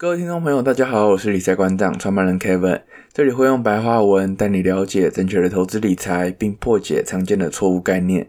各位聽眾朋友，大家好，我是理財館長創辦人 Kevin。這裡會用白話文帶你了解正確的投資理財，並破解常見的錯誤概念。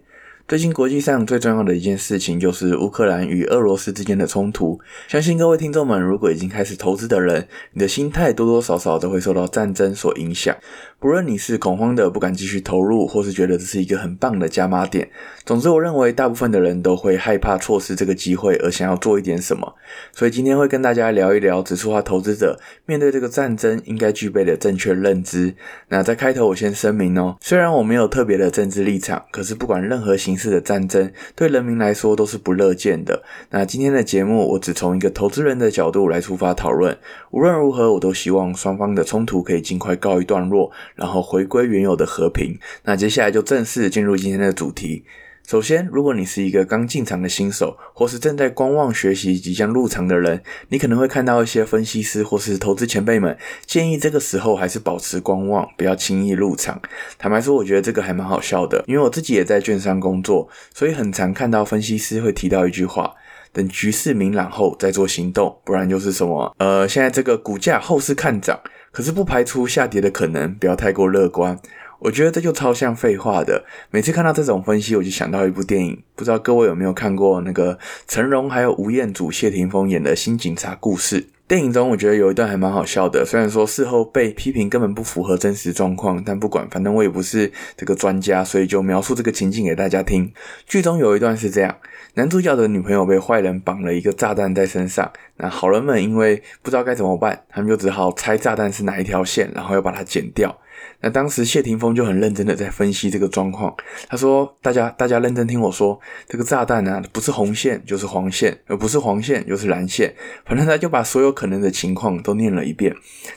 最近國際上最重要的一件事情就是烏克蘭與俄羅斯之間的衝突。相信各位聽眾們，如果已經開始投資的人，你的心態多多少少都會受到戰爭所影響。不論你是恐慌的不敢繼續投入，或是覺得這是一個很棒的加碼點，總之我認為大部分的人都會害怕錯失這個機會而想要做一點什麼。所以今天會跟大家聊一聊指數化投資者面對這個戰爭應該具備的正確認知。那在開頭我先聲明哦，雖然我沒有特別的政治立場，可是不管任何形式。次的戰爭對人民來說都是不樂見的。那今天的節目，我只從一個投資人的角度來出發討論。無論如何，我都希望雙方的衝突可以盡快告一段落，然後回歸原有的和平。那接下來就正式進入今天的主題。首先，如果你是一個剛進場的新手，或是正在觀望學習即將入場的人，你可能會看到一些分析師或是投資前輩們建議這個時候還是保持觀望，不要輕易入場。坦白說，我覺得這個還蠻好笑的，因為我自己也在券商工作，所以很常看到分析師會提到一句話：等局勢明朗後再做行動，不然就是什麼……呃，現在這個股價後市看漲，可是不排除下跌的可能，不要太過樂觀。我覺得這就超像廢話的。每次看到這種分析，我就想到一部電影，不知道各位有沒有看過那個成龍、還有吳彥祖、謝霆鋒演的《新警察故事》電影中，我覺得有一段還蠻好笑的。雖然說事後被批評根本不符合真實狀況，但不管，反正我也不是這個專家，所以就描述這個情景給大家聽。劇中有一段是這樣：男主角的女朋友被壞人綁了一個炸彈在身上，那好人們因為不知道該怎麼辦，他們就只好猜炸彈是哪一條線，然後要把它剪掉。那當時謝霆鋒就很認真的在分析這個狀況，他說：“大家，大家認真聽我說，這個炸彈呢、啊，不是紅線就是黃線，而不是黃線就是藍線，反正他就把所有可能的情況都念了一遍。”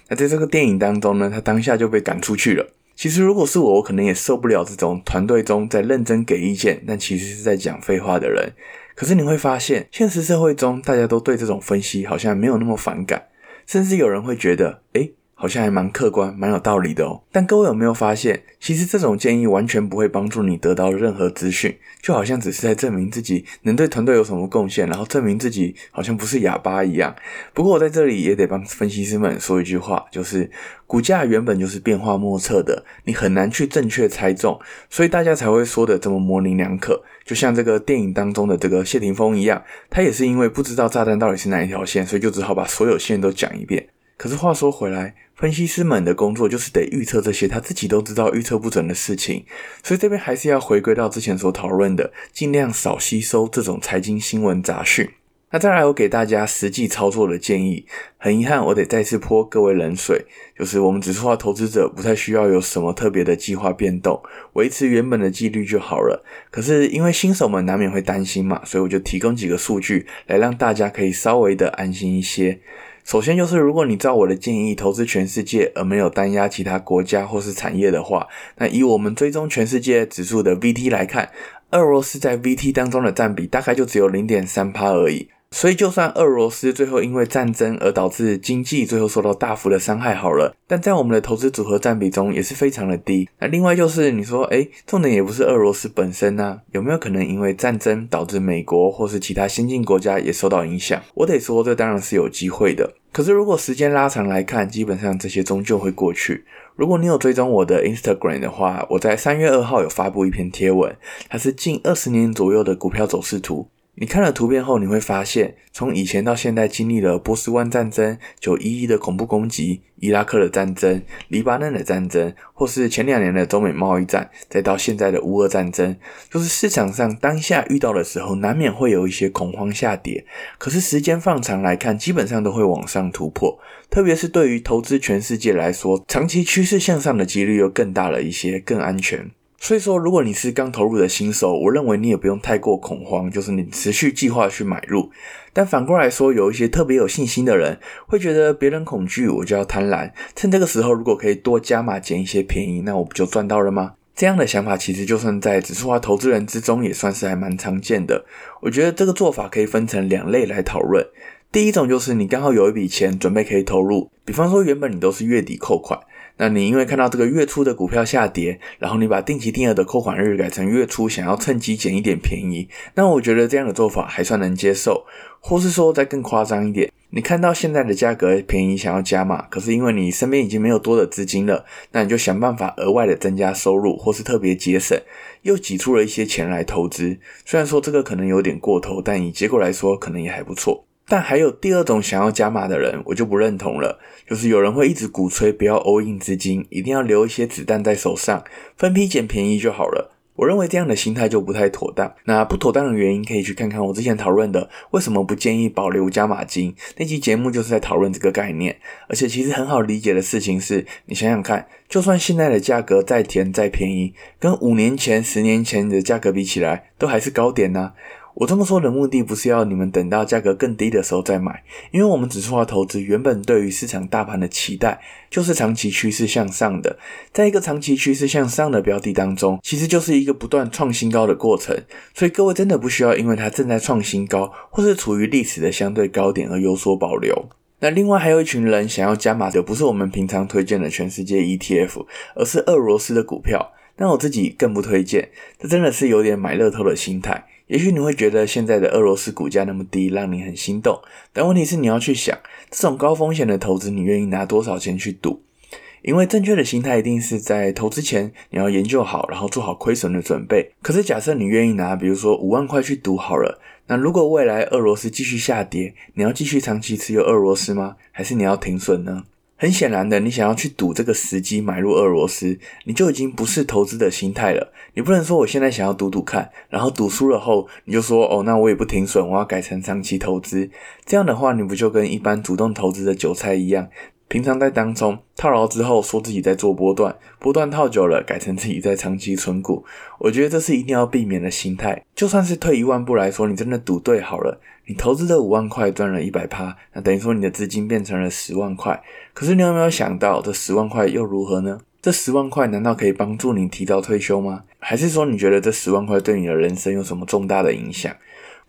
那在這個電影當中呢，他當下就被趕出去了。其實，如果是我，我可能也受不了這種團隊中在認真給意見，但其實是在講廢話的人。可是你會發現，現實社會中，大家都對這種分析好像沒有那麼反感，甚至有人會覺得，誒、欸……」好像還蠻客觀，蠻有道理的哦。但各位有沒有發現，其實這種建議完全不會幫助你得到任何資訊，就好像只是在證明自己能對團隊有什麼貢獻，然後證明自己好像不是啞巴一樣。不過我在這裡也得幫分析師們說一句話，就是股價原本就是變化莫測的，你很難去正確猜中，所以大家才會說的這麼模稜兩可。就像這個電影當中的這個謝霆鋒一樣，他也是因為不知道炸彈到底是哪一條線，所以就只好把所有線都講一遍。可是話說回來，分析師們的工作就是得預測這些他自己都知道預測不準的事情，所以這邊還是要回歸到之前所討論的，盡量少吸收這種財經新聞雜訊。那再來，我給大家實際操作的建議。很遺憾，我得再次潑各位冷水，就是我們指數化投資者不太需要有什麼特別的計劃變動，維持原本的紀律就好了。可是因為新手們難免會擔心嘛，所以我就提供幾個數據來讓大家可以稍微的安心一些。首先，就是如果你照我的建議投資全世界，而沒有單押其他國家或是產業的話，那以我們追蹤全世界指數的 VT 來看，俄羅斯在 VT 當中的佔比大概就只有零點三趴而已。所以，就算俄羅斯最後因為戰爭而導致經濟最後受到大幅的傷害，好了，但在我們的投資組合占比中也是非常的低。那另外就是你說，哎、欸，重點也不是俄羅斯本身啊，有沒有可能因為戰爭導致美國或是其他先進國家也受到影響？我得說，這當然是有機會的。可是如果時間拉長來看，基本上這些終究會過去。如果你有追蹤我的 Instagram 的話，我在三月二號有發布一篇貼文，它是近二十年左右的股票走勢圖。你看了圖片後，你會發現，從以前到現在，經歷了波斯灣戰爭、九一一的恐怖攻擊、伊拉克的戰爭、黎巴嫩的戰爭，或是前兩年的中美貿易戰，再到現在的烏俄戰爭，就是市場上當下遇到的時候，難免會有一些恐慌下跌。可是時間放長來看，基本上都會往上突破。特別是對於投資全世界來說，長期趨勢向上的幾率又更大了一些，更安全。所以說，如果你是剛投入的新手，我認為你也不用太過恐慌，就是你持續計劃去買入。但反過來說，有一些特別有信心的人，會覺得別人恐懼，我就要貪婪。趁這個時候，如果可以多加碼撿一些便宜，那我不就賺到了嗎？這樣的想法其實就算在指數化投資人之中，也算是還蠻常見的。我覺得這個做法可以分成兩類來討論。第一種就是你剛好有一筆錢準備可以投入，比方說原本你都是月底扣款。那你因為看到這個月初的股票下跌，然後你把定期定額的扣款日改成月初，想要趁機撿一點便宜。那我覺得這樣的做法還算能接受，或是說再更誇張一點，你看到現在的價格便宜，想要加碼，可是因為你身邊已經沒有多的資金了，那你就想辦法額外的增加收入，或是特別節省，又擠出了一些錢來投資。雖然說這個可能有點過頭，但以結果來說，可能也還不錯。但還有第二種想要加碼的人，我就不認同了。就是有人會一直鼓吹不要 all in 資金，一定要留一些子彈在手上，分批撿便宜就好了。我認為這樣的心態就不太妥當。那不妥當的原因可以去看看我之前討論的為什麼不建議保留加碼金那期節目，就是在討論這個概念。而且其實很好理解的事情是，你想想看，就算現在的價格再甜再便宜，跟五年前、十年前的價格比起來，都還是高點啊。我這麼說的目的不是要你們等到價格更低的時候再買，因為我們指數化投資原本對於市場大盤的期待就是長期趨勢向上的，在一個長期趨勢向上的標的當中，其實就是一個不斷創新高的過程，所以各位真的不需要因為它正在創新高或是處於歷史的相對高點而有所保留。那另外還有一群人想要加碼的，不是我們平常推薦的全世界 ETF，而是俄羅斯的股票，但我自己更不推薦，這真的是有點買樂透的心態。也許你會覺得現在的俄羅斯股價那麼低，讓你很心動。但問題是，你要去想，這種高風險的投資，你願意拿多少錢去賭？因為正確的心態一定是在投資前，你要研究好，然後做好虧損的準備。可是，假設你願意拿，比如說五萬塊去賭好了，那如果未來俄羅斯繼續下跌，你要繼續長期持有俄羅斯嗎？還是你要停損呢？很顯然的，你想要去賭這個時機買入俄羅斯，你就已經不是投資的心態了。你不能說我現在想要賭賭看，然後賭輸了後你就說哦，那我也不停損，我要改成長期投資。這樣的話，你不就跟一般主動投資的韭菜一樣？平常在當沖套牢之後，說自己在做波段，波段套久了，改成自己在長期存股。我覺得這是一定要避免的心態。就算是退一萬步來說，你真的賭對好了。你投資的五萬塊賺了一百趴，那等於說你的資金變成了十萬塊。可是你有沒有想到，這十萬塊又如何呢？這十萬塊難道可以幫助你提早退休嗎？還是說你覺得這十萬塊對你的人生有什麼重大的影響？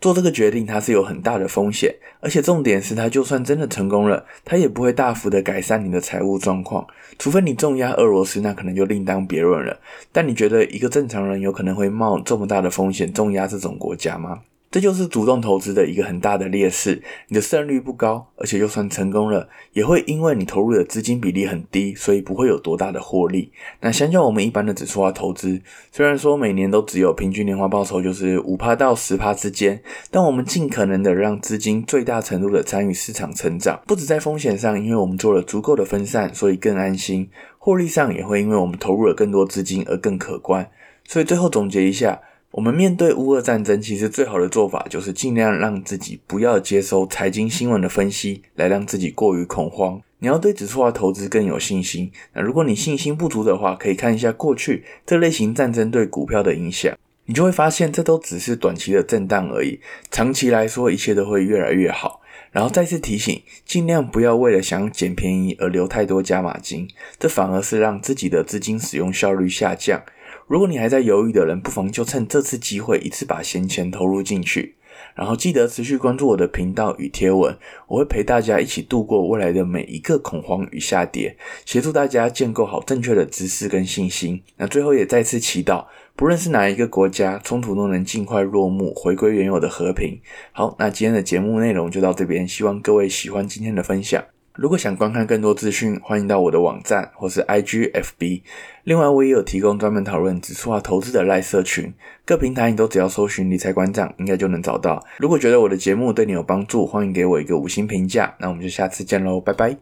做這個決定它是有很大的風險，而且重點是它就算真的成功了，它也不會大幅的改善你的財務狀況。除非你重壓俄羅斯，那可能就另當別論了。但你覺得一個正常人有可能會冒這麼大的風險重壓這種國家嗎？這就是主動投資的一個很大的劣勢，你的勝率不高，而且就算成功了，也會因為你投入的資金比例很低，所以不會有多大的獲利。那相較我們一般的指數化投資，雖然說每年都只有平均年化報酬就是五趴到十趴之間，但我們盡可能的讓資金最大程度的參與市場成長，不只在風險上，因為我們做了足夠的分散，所以更安心；獲利上也會因為我們投入了更多資金而更可觀。所以最後總結一下。我們面對烏俄戰爭，其實最好的做法就是盡量讓自己不要接收財經新聞的分析，來讓自己過於恐慌。你要對指數化的投資更有信心。那如果你信心不足的話，可以看一下過去這類型戰爭對股票的影響，你就會發現這都只是短期的震盪而已。長期來說，一切都會越來越好。然後再次提醒，盡量不要為了想撿便宜而留太多加碼金，這反而是讓自己的資金使用效率下降。如果你還在猶豫的人，不妨就趁這次機會，一次把閒錢投入進去。然後記得持續關注我的頻道與貼文，我會陪大家一起度過未來的每一個恐慌與下跌，協助大家建構好正確的知識跟信心。那最後也再次祈禱，不論是哪一個國家，衝突都能盡快落幕，回歸原有的和平。好，那今天的節目內容就到這邊，希望各位喜歡今天的分享。如果想觀看更多資訊，歡迎到我的網站或是 IG、FB。另外，我也有提供專門討論指數化投資的賴社群，各平台你都只要搜尋“理財館長”，應該就能找到。如果覺得我的節目對你有幫助，歡迎給我一個五星評價。那我們就下次見嘍，拜拜。